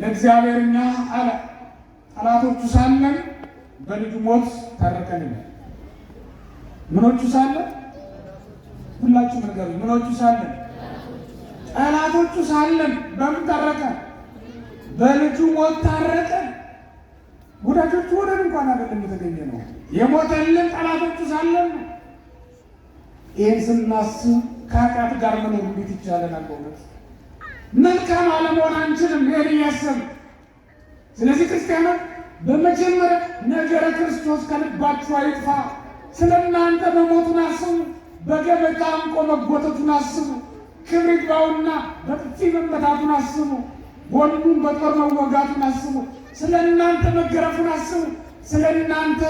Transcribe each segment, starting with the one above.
ለእግዚአብሔር አለ ጠላቶቹ ሳለን በልጁ ሞት ተረከን። ምኖቹ ሳለን ሁላችሁ ነገር ምኖቹ ሳለን ጠላቶቹ ሳለን በምን ታረቀን? በልጁ ሞት ታረቀን። ጉዳቶቹ ወደን እንኳን አይደለም የተገኘ ነው የሞተልን ጠላቶቹ ሳለን። ይህን ስናስብ ከኃጢአት ጋር መኖር እንዴት ይቻለናል በእውነት? መልካም አለመሆን አንችልም። ይሄን እያሰብ ስለዚህ ክርስቲያኖ በመጀመሪያ ነገረ ክርስቶስ ከልባችሁ አይጥፋ። ስለ እናንተ መሞቱን አስቡ፣ በገበታ አንቆ መጎተቱን አስቡ፣ ክብር ይግባውና በጥፊ መመታቱን አስቡ፣ ጎኑን በጦር መወጋቱን አስቡ፣ ስለ እናንተ መገረፉን አስቡ፣ ስለ እናንተ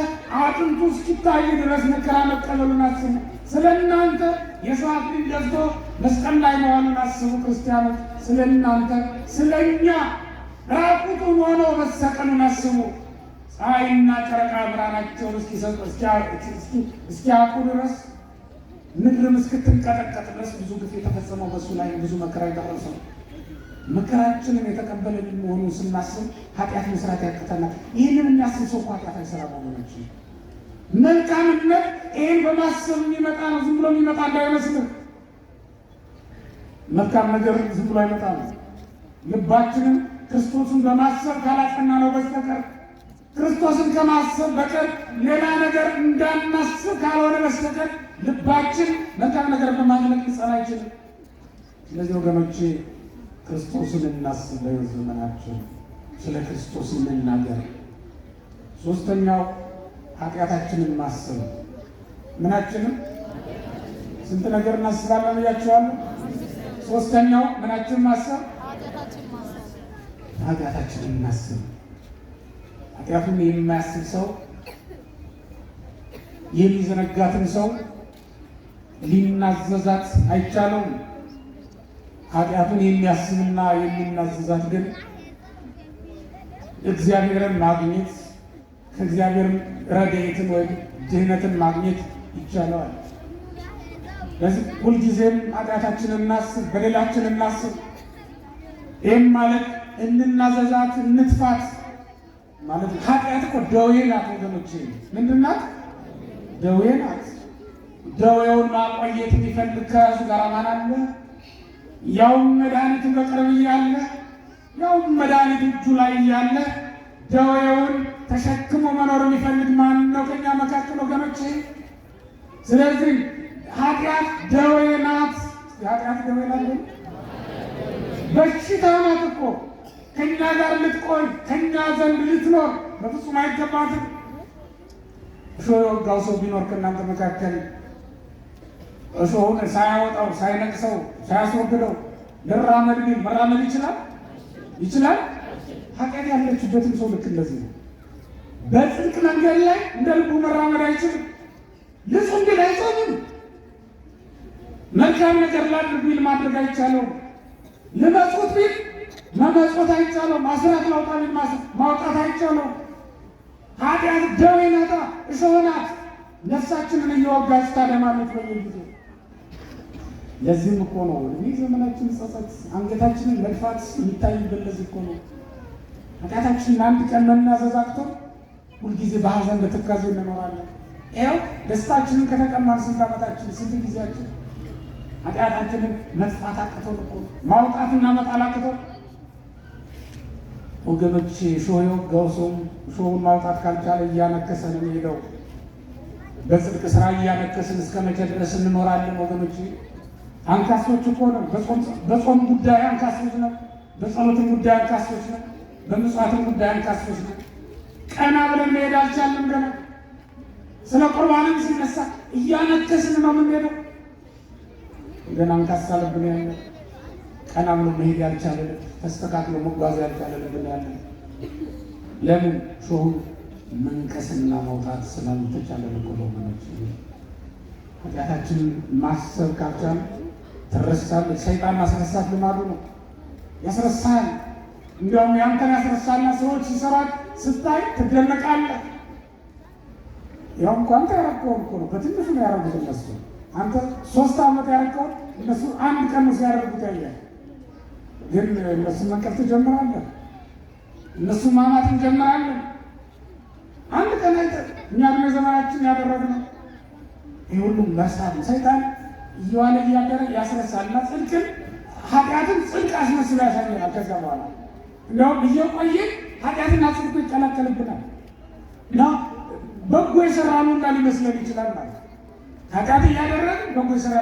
አጥንቱ እስኪታይ ድረስ መከራ መቀበሉን አስቡ። ስለ እናንተ የሰው አክሊል ደፍቶ መስቀል ላይ መሆኑን አስቡ ክርስቲያኖች። ስለ እናንተ ስለ እኛ ራቁቱን ሆኖ መሰቀሉን አስቡ። ፀሐይና ጨረቃ ብርሃናቸውን እስኪያቁ ድረስ ምድርም እስክትንቀጠቀጥ ድረስ ብዙ ግፍ የተፈጸመው በሱ ላይ ብዙ መከራ የደረሰው መከራችንን የተቀበለልን መሆኑን ስናስብ ኃጢአት መስራት ያቅተናል። ይህንን የሚያስብ ሰው እኮ ኃጢአት አይሰራ መሆናችን መልካምነት ይህን በማሰብ የሚመጣ ነው። ዝም ብሎ የሚመጣ እንዳይመስል፣ መልካም ነገር ዝም ብሎ አይመጣ ነው። ልባችንን ክርስቶስን በማሰብ ካላቀና ነው በስተቀር ክርስቶስን ከማሰብ በቀር ሌላ ነገር እንዳናስብ ካልሆነ በስተቀር ልባችን መልካም ነገር በማድረግ ሊጸና አይችልም። ስለዚህ ወገኖቼ ክርስቶስን እናስብ። በዘመናችን ስለ ክርስቶስ እንናገር። ሶስተኛው ኃጢአታችንን ማሰብ ምናችንም ስንት ነገር እናስባለን እያቸዋሉ። ሶስተኛው ምናችን ማሰብ ኃጢአታችንን እናስብ። ኃጢአቱን የማያስብ ሰው የሚዘነጋትን ሰው ሊናዘዛት አይቻለውም። ኃጢአቱን የሚያስብና የሚናዘዛት ግን እግዚአብሔርን ማግኘት ከእግዚአብሔር ረድኤትን ወይም ድህነትን ማግኘት ይቻለዋል። ለዚህ ሁልጊዜም ኃጢአታችን እናስብ፣ በሌላችን እናስብ። ይህም ማለት እንናዘዛት፣ እንትፋት ማለት ኃጢአት እኮ ደዌ ናት ወገኖች። ምንድን ናት? ደዌ ናት። ደዌውን ማቆየት የሚፈልግ ከእሱ ጋር ማን አለ? ያውም መድኃኒቱ በቅርብ እያለ ያውም መድኃኒት እጁ ላይ እያለ ደዌውን ተሸክሞ መኖር የሚፈልግ ማን ነው ከኛ መካከል ወገኖች? ስለዚህ ኃጢአት ደዌ ናት። የኃጢአት ደዌ ናት፣ በሽታ ናት እኮ ከኛ ጋር ልትቆይ ከኛ ዘንድ ልትኖር በፍጹም አይገባትም። እሾ የወጋው ሰው ቢኖር ከእናንተ መካከል እሾሁን ሳያወጣው ሳይነቅሰው ሳያስወግደው ልራመድ መራመድ ይችላል ይችላል ኃጢአት ያለችበትም ሰው ልክ እንደዚህ ነው። በጽድቅ መንገድ ላይ እንደ ልቡ መራመድ አይችልም። ልጹ ግን አይጾምም። መልካም ነገር ላድርግ ቢል ማድረግ አይቻለውም። ልመጽት ቢል መመጽት አይቻለው። ማስራት ማውጣ ቢል ማውጣት አይቻለው። ኃጢአት ደዌ ናታ፣ እሾህ ናት። ነፍሳችንን እየወጋች ታደማለች ጊዜ ለዚህም እኮ ነው እድሜ ዘመናችን ጸጸት አንገታችንን መድፋት የሚታይበት። ለዚህ እኮ ነው ኃጢአታችን ለአንድ ቀን መናዘዝ አቅቶን ሁልጊዜ በሀዘን በትካዜ እንኖራለን። ይኸው ደስታችንን ከተቀማን ስንት ዓመታችን ስንት ጊዜያችን ኃጢአታችንን መጥፋት አቅቶን እኮ ማውጣትና መጣል አቅቶ ወገኖች ሾዮ የወጋው ሰውም ሾውን ማውጣት ካልቻለ እያነከሰን የሚሄደው በጽድቅ ስራ እያነከስን እስከ መቼ ድረስ እንኖራለን? ወገኖች አንካሶች እኮ ነው። በጾም ጉዳይ አንካሶች ነው። በጸሎትም ጉዳይ አንካሶች ነው። በምጽዋትም ጉዳይ አንካስቶች ቀና ብለን መሄድ አልቻለም ገና ስለ ቁርባንም ሲነሳ እያነከስን ነው የምንሄደው። ገና አንካሳ ልብን ያለ ቀና ብሎ መሄድ ያልቻለ ተስተካክሎ መጓዝ ያልቻለ ልብን ያለ ለምን ሾሁ መንከስና መውጣት ስላልተቻለ ልቆሎ መነች ኃጢአታችን ማሰብ ካልቻል ትረሳል። ሰይጣን ማስረሳት ልማዱ ነው ያስረሳል። እንዲያውም ያንተን ያስረሳና ሰዎች ሲሰራት ስታይ ትደነቃለህ። ያው እንኳ አንተ ያረገውን እኮ ነው በትንሹ ነው ያረጉት እነሱ። አንተ ሶስት ዓመት ያረገውን እነሱ አንድ ቀን ነው ሲያደርጉት ያለ። ግን እነሱ መንቀፍ ትጀምራለህ፣ እነሱ ማማት እንጀምራለን። አንድ ቀን አይተ እኛ ድሜ ዘመናችን ያደረግነው ይህ ሁሉም መሳት ሰይጣን እየዋለ እያደረ ያስረሳልና ጽድቅን ኃጢአትን ጽድቅ አስመስሎ ያሳያል ከዛ በኋላ እንደውም ጊዜው ቆየ ኃጢአትና ጽድቅ ይቀላቀልብናል እና በጎ የሰራ ነው እና ሊመስለን ይችላል ማለት ኃጢአት እያደረግ በጎ የሰራ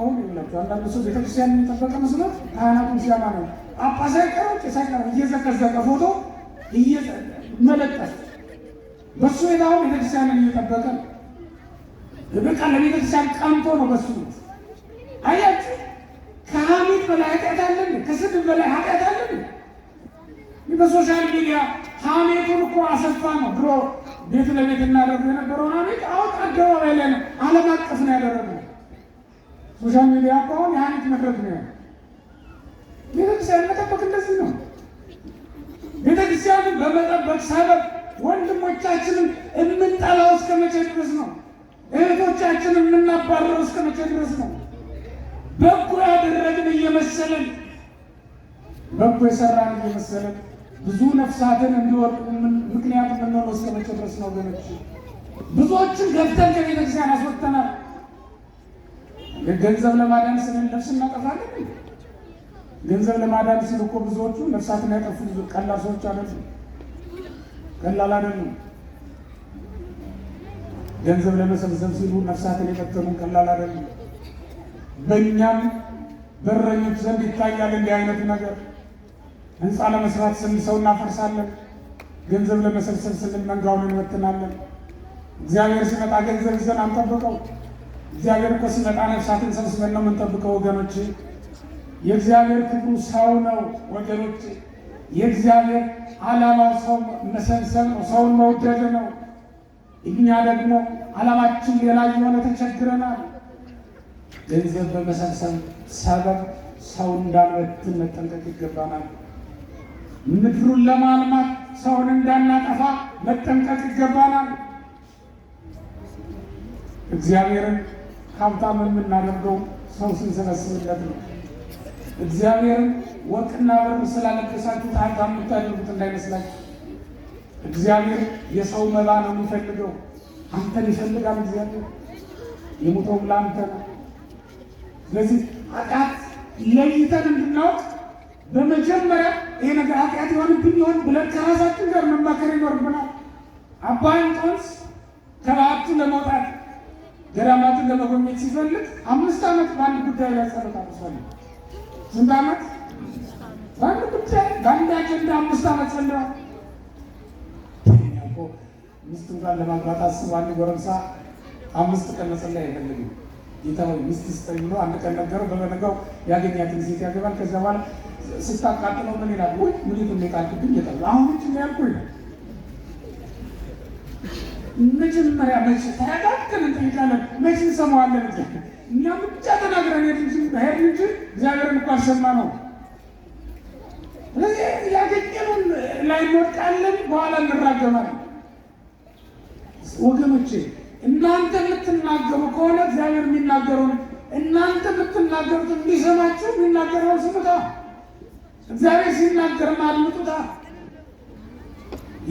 አሁን ይላቸው አንዳንድ ሰው ቤተክርስቲያን የሚጠበቀ መስሎት ካህናቱን ሲያማ ነው ጳጳስ ሳይቀር ቄስ ሳይቀር እየዘቀዘቀ ፎቶ መለጠፍ በሱ የታሁ ቤተክርስቲያንን እየጠበቀ ነው። በቃ ለቤተክርስቲያን ቀምቶ ነው በሱ አያችሁ ከሐሜት በላይ ኃጢአት አለን፣ ከስድብ በላይ ኃጢአት አለን። በሶሻል ሚዲያ ሀሜቱን እኮ አሰፋ ነው ብሎ ቤት ለቤት እናደርጉ የነበረውን ሀሜት አሁን አደባባይ ላይ ነው ዓለም አቀፍ ነው ያደረግነው። ሶሻል ሚዲያ እኮ አሁን የሀሜት መድረክ ነው ቤተክርስቲያን መጠበቅ እንደዚህ ነው። ቤተክርስቲያንን በመጠበቅ ሰበብ ወንድሞቻችንን የምንጠላው እስከ መቼ ድረስ ነው? እህቶቻችንን የምናባረው እስከ መቼ ድረስ ነው? በጎ ያደረግን እየመሰለን በጎ የሰራን እየመሰለን ብዙ ነፍሳትን እንዲወርቁ ምክንያት የምንሆነው እስከ መቼ ድረስ ነው ወገኖች? ብዙዎችን ገብተን ከቤተ ክርስቲያን አስወጥተናል። ገንዘብ ለማዳን ስንል ነፍስ እናጠፋለን። ገንዘብ ለማዳን ስል እኮ ብዙዎቹ ነፍሳትን ያጠፉ ቀላል ሰዎች አይደሉም። ቀላል አይደሉም። ገንዘብ ለመሰብሰብ ሲሉ ነፍሳትን የቀጠሉ ቀላል አይደሉም። በእኛም በረኞች ዘንድ ይታያል እንዲህ አይነቱ ነገር ህንፃ ለመስራት ስንል ሰው እናፈርሳለን። ገንዘብ ለመሰብሰብ ስንል መንጋውን እንበትናለን። እግዚአብሔር ሲመጣ ገንዘብ ይዘን አንጠብቀው። እግዚአብሔር እኮ ሲመጣ ነፍሳትን ሰብስበን ነው የምንጠብቀው ወገኖች። የእግዚአብሔር ክብሩ ሰው ነው ወገኖች። የእግዚአብሔር አላማው ሰው መሰብሰብ ነው፣ ሰውን መውደድ ነው። እኛ ደግሞ ዓላማችን ሌላ የሆነ ተቸግረናል። ገንዘብ በመሰብሰብ ሰበብ ሰው እንዳንበትን መጠንቀቅ ይገባናል። ምድሩን ለማልማት ሰውን እንዳናጠፋ መጠንቀቅ ይገባናል። እግዚአብሔርን ሀብታም የምናደርገው ሰው ስንሰበስብለት ነው። እግዚአብሔርን ወርቅና ብር ስላለገሳችሁ ሀብታም የምታደርጉት እንዳይመስላችሁ። እግዚአብሔር የሰው መባ ነው የሚፈልገው። አንተን ይፈልጋል እግዚአብሔር። የሞተውም ለአንተ ነው። ስለዚህ ኃጢአት ለይተን እንድናውቅ በመጀመሪያ ይሄ ነገር ኃጢአት ይሆንብን ይሆን ብለን ከራሳችን ጋር መማከር ይኖርብናል። አባ እንጦንስ ከበዓቱ ለመውጣት ገዳማትን ለመጎብኘት ሲፈልግ አምስት ዓመት በአንድ ጉዳይ ላይ ጸሎት አመስፈል ስንት ዓመት በአንድ ጉዳይ በአንድ አጀንዳ አምስት ዓመት ጸልዋል። ሚስት እንኳን ለማግባት አስቡ። አንድ ጎረምሳ አምስት ቀን መጸለይ አይፈልግም። ጌታ ሆይ ሚስት ስጠኝ ብሎ አንድ ቀን ነገረው። በበነጋው ያገኛትን ሴት ያገባል። ከዚያ በኋላ ስታቃጥለው ምን ይላል? ወይ ምንት የሚቃጥብኝ ይጠሉ አሁን ች ያልኩ ይላል። መጀመሪያ መች ተያዳክን እንጠይቃለን፣ መች እንሰማዋለን? እኛ ብቻ ተናግረን የልጅ ሄድ እንጂ እግዚአብሔርን እኮ አልሰማ ነው። ስለዚህ ያገኘኑን ላይ እንወድቃለን፣ በኋላ እንራገማለን። ወገኖቼ እናንተ የምትናገሩ ከሆነ እግዚአብሔር የሚናገሩን እናንተ የምትናገሩት እንዲሰማችሁ የሚናገረው ስሙታ እግዚአብሔር ሲናገር ማድምጡታ።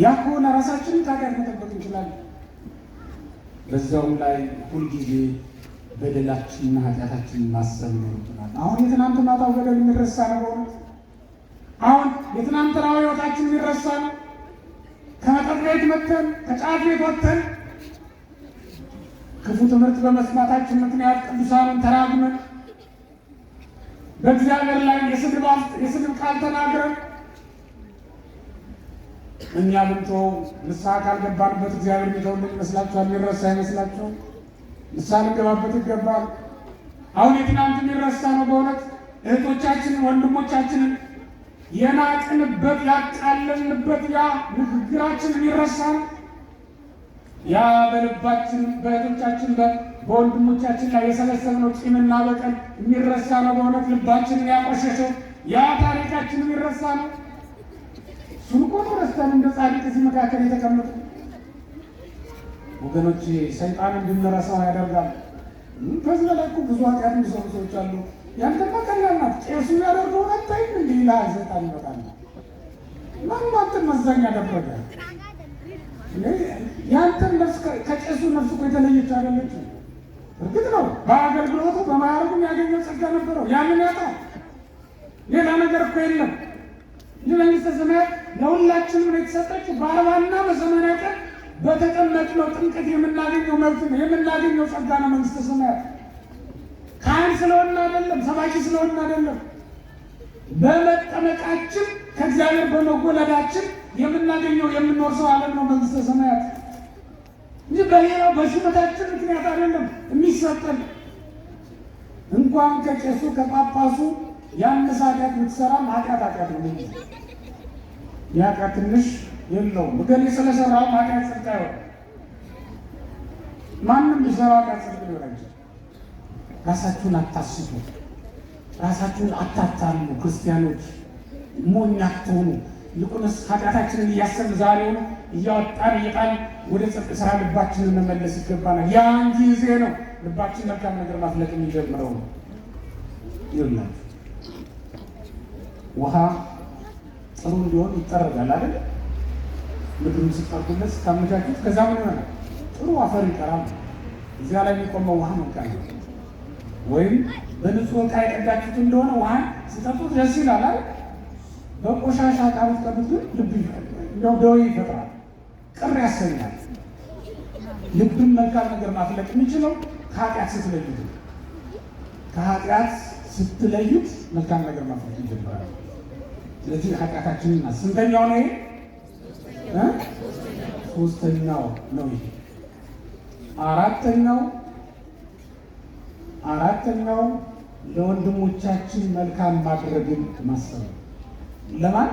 ያ ከሆነ ራሳችንን ታዲያ መጠበቅ እንችላለን። በዛውም ላይ ሁልጊዜ በደላችንና ኃጢአታችንን ማሰብ ይኖርብናል። አሁን የትናንት ማታው በደል የሚረሳ ነው። አሁን የትናንት ህይወታችን የሚረሳ ነው። ከመጠጥ ቤት መጥተን ከጫት ቤት ወጥተን ክፉ ትምህርት በመስማታችን ምክንያት ቅዱሳንን ተራግመን በእግዚአብሔር ላይ የስድብ ቃል ተናግረን እኛ ብንቶ ንስሐ ካልገባንበት እግዚአብሔር የሚተውልን ይመስላችኋል? የሚረሳ ይመስላችኋል? ንስሐ ልንገባበት ይገባል። አሁን የትናንት የሚረሳ ነው? በእውነት እህቶቻችንን ወንድሞቻችንን የናቅንበት ያቃለልንበት ያ ንግግራችን የሚረሳ ነው? ያ በልባችን በእህቶቻችን በወንድሞቻችን ላይ የሰበሰብነው ቂምና በቀል የሚረሳ ነው። በእውነት ልባችንን ያቆሸሸው ያ ታሪካችን የሚረሳ ነው። ሱንቆኖ ተረስተን እንደ ጻድቅ እዚህ መካከል የተቀመጡ ወገኖች ሰይጣን እንድንረሳው ያደርጋል። ከዚህ በላይ እኮ ብዙ ኃጢአት የሚሰሩ ሰዎች አሉ። ያንተማ ቀላል ናት። ቄሱ ያደርገው አታይም እንዲህ ይልሃል ሰይጣን ይመጣል። ማናትን መዛኛ ደረገ ያንተን ነፍስ ከቄሱ ነፍስ እኮ የተለየች አይደለችም። እርግጥ ነው በአገልግሎቱ በማዕረጉ ያገኘው ጸጋ ነበረው። ያንን ያጣ ሌላ ነገር እኮ የለም። ይህ መንግስተ ሰማያት ለሁላችንም የተሰጠችው በአርባና በሰማንያ ቀን በተጠመቅነው ጥምቀት የምናገኘው መብት ነው፣ የምናገኘው ጸጋ ነው። መንግስተ ሰማያት ካህን ስለሆነ አይደለም፣ ሰባኪ ስለሆን አይደለም። በመጠመቃችን ከእግዚአብሔር በመጎለዳችን የምናገኘው የምኖር ሰው አለም ነው መንግስተ ሰማያት። እንጂ በሌላው በሽበታችን ምክንያት አይደለም የሚሰጠን። እንኳን ከቄሱ ከጳጳሱ ያነሰ ኃጢአት ምትሰራ ኃጢአት ኃጢአት ነው። የኃጢአት ትንሽ የለው እገሌ ስለሰራው ኃጢአት ጽድቅ አይሆን። ማንም ሊሰራ ኃጢአት ጽድቅ ሊሆን ራሳችሁን አታስቡ፣ ራሳችሁን አታታሉ። ክርስቲያኖች ሞኝ አትሆኑ። ይልቁንስ ኃጢአታችንን እያሰብን ዛሬውን እያወጣን እየጣን ወደ ጽድቅ ስራ ልባችንን መመለስ ይገባናል። ያን ጊዜ ነው ልባችን መልካም ነገር ማፍለቅ የሚጀምረው ነው። ይላል ውሃ ጥሩ እንዲሆን ይጠረጋል አይደል? ምድሩን ስጠርጉነት ስታመቻችት፣ ከዛ ምን ሆነ? ጥሩ አፈር ይጠራል። እዚያ ላይ የሚቆመው ውሃ መንካል ወይም በንጹህ ዕቃ የቀዳችሁት እንደሆነ ውሃን ስጠጡት ደስ ይላል አይደል? በቆሻሻ ዕቃ ብትቀምጥ ልብ እንደው ደዌ ይፈጥራል፣ ቅር ያሰኛል። ልብን መልካም ነገር ማፍለቅ የሚችለው ከኃጢአት ስትለዩት፣ ከኃጢአት ስትለዩት መልካም ነገር ማፍለቅ ይጀምራል። ስለዚህ ኃጢአታችንን ስንተኛው ነው ይሄ? ሶስተኛው ነው ይሄ። አራተኛው አራተኛው ለወንድሞቻችን መልካም ማድረግን ማሰብ ለማን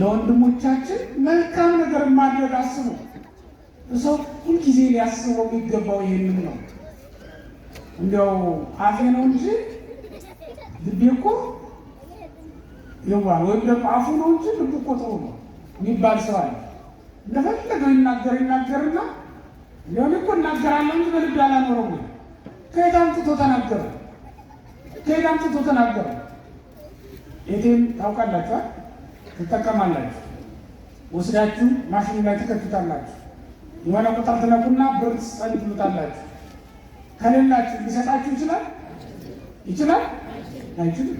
ለወንድሞቻችን መልካም ነገር ማድረግ አስቡ። ሰው ሁልጊዜ ሊያስበው የሚገባው ይህንም ነው። እንዲያው አፌ ነው እንጂ ልቤ እኮ ይዋ ወይም ደግሞ አፉ ነው እንጂ ልብ እኮ ጥሩ ነው የሚባል ሰው አለ። እንደፈለገው ይናገር ይናገርና ሊሆን እኮ እናገራለሁ እንጂ በልብ ያላኖረው ከየት አምጥቶ ተናገረ? ከየት አምጥቶ ተናገረ? ኤቲኤም ታውቃላችኋል፣ ትጠቀማላችሁ፣ ወስዳችሁ ማሽኑ ላይ ትከፍታላችሁ። የሆነ ቁጥር ትነኩና ብር ትስጠን ትሉታላችሁ። ከሌላችሁ ሊሰጣችሁ ይችላል ይችላል አይችልም።